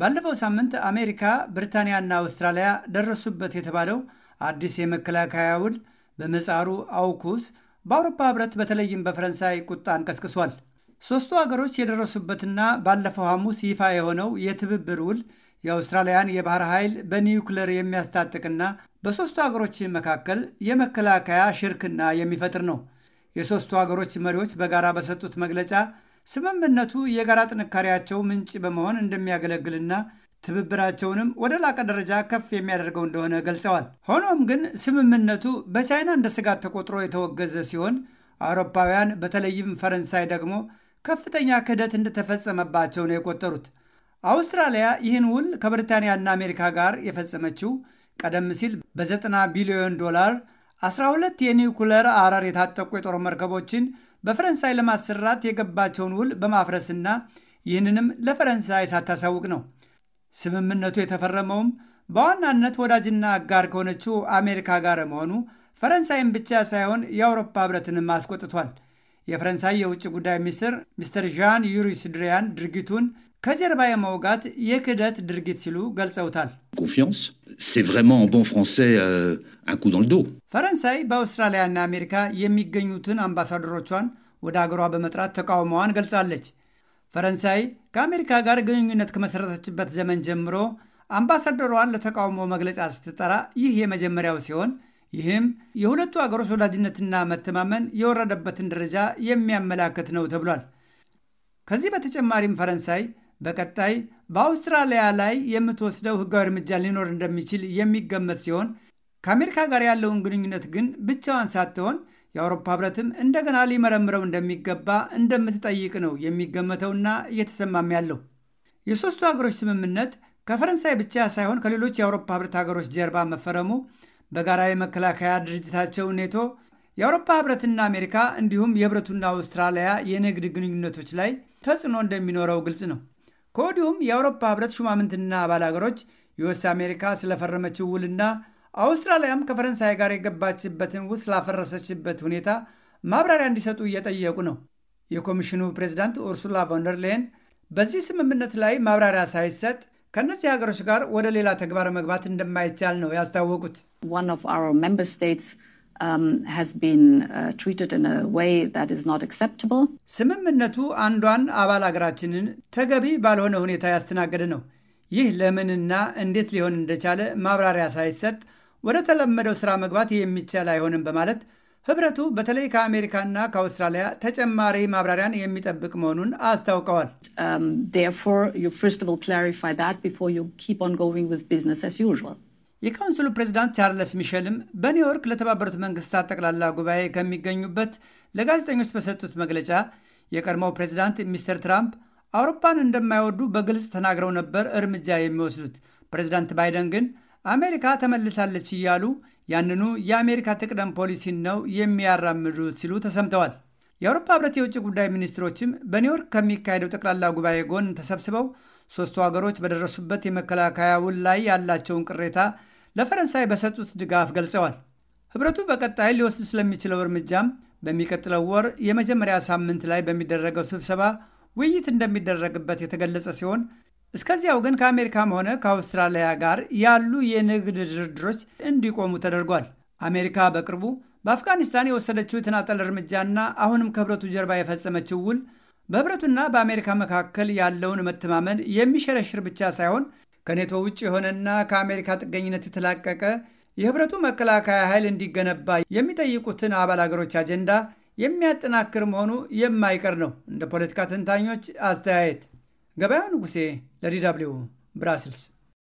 ባለፈው ሳምንት አሜሪካ፣ ብሪታንያና አውስትራሊያ ደረሱበት የተባለው አዲስ የመከላከያ ውል በመጻሩ አውኩስ በአውሮፓ ህብረት በተለይም በፈረንሳይ ቁጣን ቀስቅሷል። ሦስቱ አገሮች የደረሱበትና ባለፈው ሐሙስ ይፋ የሆነው የትብብር ውል የአውስትራሊያን የባህር ኃይል በኒውክለር የሚያስታጥቅና በሦስቱ አገሮች መካከል የመከላከያ ሽርክና የሚፈጥር ነው። የሦስቱ አገሮች መሪዎች በጋራ በሰጡት መግለጫ ስምምነቱ የጋራ ጥንካሬያቸው ምንጭ በመሆን እንደሚያገለግልና ትብብራቸውንም ወደ ላቀ ደረጃ ከፍ የሚያደርገው እንደሆነ ገልጸዋል። ሆኖም ግን ስምምነቱ በቻይና እንደ ስጋት ተቆጥሮ የተወገዘ ሲሆን አውሮፓውያን በተለይም ፈረንሳይ ደግሞ ከፍተኛ ክህደት እንደተፈጸመባቸው ነው የቆጠሩት። አውስትራሊያ ይህን ውል ከብሪታንያና አሜሪካ ጋር የፈጸመችው ቀደም ሲል በ90 ቢሊዮን ዶላር 12 የኒውክለር አረር የታጠቁ የጦር መርከቦችን በፈረንሳይ ለማሰራት የገባቸውን ውል በማፍረስና ይህንንም ለፈረንሳይ ሳታሳውቅ ነው። ስምምነቱ የተፈረመውም በዋናነት ወዳጅና አጋር ከሆነችው አሜሪካ ጋር መሆኑ ፈረንሳይን ብቻ ሳይሆን የአውሮፓ ህብረትንም አስቆጥቷል። የፈረንሳይ የውጭ ጉዳይ ሚኒስትር ሚስተር ዣን ዩሪስ ድሪያን ድርጊቱን ከጀርባ የመውጋት የክህደት ድርጊት ሲሉ ገልጸውታል። euh, ፈረንሳይ በአውስትራሊያና አሜሪካ የሚገኙትን አምባሳደሮቿን ወደ አገሯ በመጥራት ተቃውሞዋን ገልጻለች። ፈረንሳይ ከአሜሪካ ጋር ግንኙነት ከመሠረተችበት ዘመን ጀምሮ አምባሳደሯን ለተቃውሞ መግለጫ ስትጠራ ይህ የመጀመሪያው ሲሆን ይህም የሁለቱ አገሮች ወዳጅነትና መተማመን የወረደበትን ደረጃ የሚያመላክት ነው ተብሏል። ከዚህ በተጨማሪም ፈረንሳይ በቀጣይ በአውስትራሊያ ላይ የምትወስደው ሕጋዊ እርምጃ ሊኖር እንደሚችል የሚገመት ሲሆን ከአሜሪካ ጋር ያለውን ግንኙነት ግን ብቻዋን ሳትሆን የአውሮፓ ህብረትም እንደገና ሊመረምረው እንደሚገባ እንደምትጠይቅ ነው የሚገመተውና እየተሰማም ያለው። የሦስቱ አገሮች ስምምነት ከፈረንሳይ ብቻ ሳይሆን ከሌሎች የአውሮፓ ህብረት ሀገሮች ጀርባ መፈረሙ በጋራ የመከላከያ ድርጅታቸው ኔቶ፣ የአውሮፓ ህብረትና አሜሪካ እንዲሁም የህብረቱና አውስትራሊያ የንግድ ግንኙነቶች ላይ ተጽዕኖ እንደሚኖረው ግልጽ ነው። ከወዲሁም የአውሮፓ ህብረት ሹማምንትና አባል ሀገሮች ዩኤስ አሜሪካ ስለፈረመችው ውልና አውስትራሊያም ከፈረንሳይ ጋር የገባችበትን ውስ ላፈረሰችበት ሁኔታ ማብራሪያ እንዲሰጡ እየጠየቁ ነው። የኮሚሽኑ ፕሬዚዳንት ኡርሱላ ቮንደርሌን በዚህ ስምምነት ላይ ማብራሪያ ሳይሰጥ ከእነዚህ ሀገሮች ጋር ወደ ሌላ ተግባር መግባት እንደማይቻል ነው ያስታወቁት። um, uh, ስምምነቱ አንዷን አባል ሀገራችንን ተገቢ ባልሆነ ሁኔታ ያስተናገደ ነው። ይህ ለምንና እንዴት ሊሆን እንደቻለ ማብራሪያ ሳይሰጥ ወደ ተለመደው ሥራ መግባት የሚቻል አይሆንም በማለት ህብረቱ በተለይ ከአሜሪካና ከአውስትራሊያ ተጨማሪ ማብራሪያን የሚጠብቅ መሆኑን አስታውቀዋል። um, የካውንስሉ ፕሬዚዳንት ቻርለስ ሚሸልም በኒውዮርክ ለተባበሩት መንግስታት ጠቅላላ ጉባኤ ከሚገኙበት ለጋዜጠኞች በሰጡት መግለጫ የቀድሞው ፕሬዚዳንት ሚስተር ትራምፕ አውሮፓን እንደማይወዱ በግልጽ ተናግረው ነበር እርምጃ የሚወስዱት ፕሬዚዳንት ባይደን ግን አሜሪካ ተመልሳለች እያሉ ያንኑ የአሜሪካ ትቅደም ፖሊሲን ነው የሚያራምዱት ሲሉ ተሰምተዋል። የአውሮፓ ህብረት የውጭ ጉዳይ ሚኒስትሮችም በኒውዮርክ ከሚካሄደው ጠቅላላ ጉባኤ ጎን ተሰብስበው ሦስቱ ሀገሮች በደረሱበት የመከላከያ ውል ላይ ያላቸውን ቅሬታ ለፈረንሳይ በሰጡት ድጋፍ ገልጸዋል። ህብረቱ በቀጣይ ሊወስድ ስለሚችለው እርምጃም በሚቀጥለው ወር የመጀመሪያ ሳምንት ላይ በሚደረገው ስብሰባ ውይይት እንደሚደረግበት የተገለጸ ሲሆን እስከዚያው ግን ከአሜሪካም ሆነ ከአውስትራሊያ ጋር ያሉ የንግድ ድርድሮች እንዲቆሙ ተደርጓል። አሜሪካ በቅርቡ በአፍጋኒስታን የወሰደችው የተናጠል እርምጃና አሁንም ከህብረቱ ጀርባ የፈጸመችው ውል በህብረቱና በአሜሪካ መካከል ያለውን መተማመን የሚሸረሽር ብቻ ሳይሆን ከኔቶ ውጭ የሆነና ከአሜሪካ ጥገኝነት የተላቀቀ የህብረቱ መከላከያ ኃይል እንዲገነባ የሚጠይቁትን አባል አገሮች አጀንዳ የሚያጠናክር መሆኑ የማይቀር ነው እንደ ፖለቲካ ተንታኞች አስተያየት። Gabaa Nugusee la DW Biraasils.